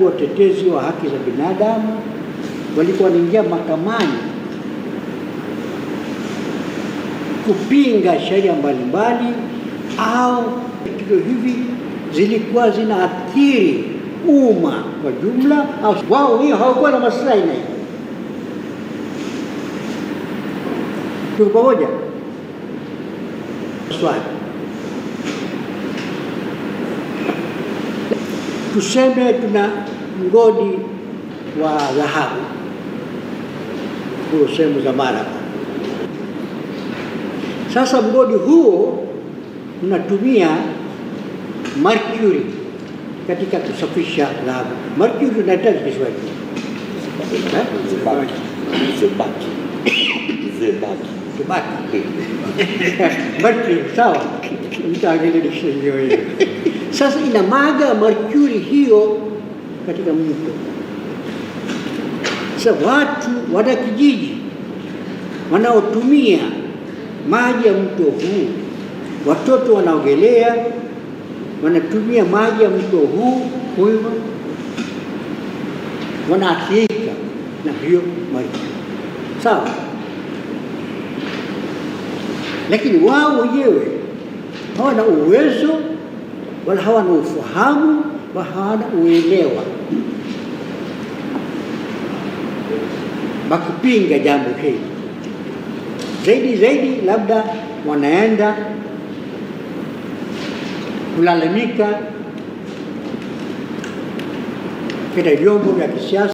Watetezi wa haki za binadamu walikuwa wanaingia mahakamani kupinga sheria mbalimbali, au vitendo hivi zilikuwa zinaathiri umma kwa jumla, au wao hiyo hawakuwa na maslahi na hiyo. Tuko pamoja swali tuseme tuna mgodi wa dhahabu huo sehemu za Maraba. Sasa mgodi huo unatumia mercury katika kusafisha dhahabu. Mercury unahitaji Kiswahili zebaki, sawa mtaangalia hiyo. Sasa ina maga Mercury hiyo katika mto. Sasa watu wana kijiji wanaotumia maji ya mto huu, watoto wanaogelea wanatumia maji ya mto huu huyo wanaathirika na hiyo maji sawa, lakini wao wenyewe hawana uwezo wala hawana ufahamu wala hawana uelewa wakupinga jambo hili zaidi zaidi, labda wanaenda kulalamika katika vyombo vya kisiasa.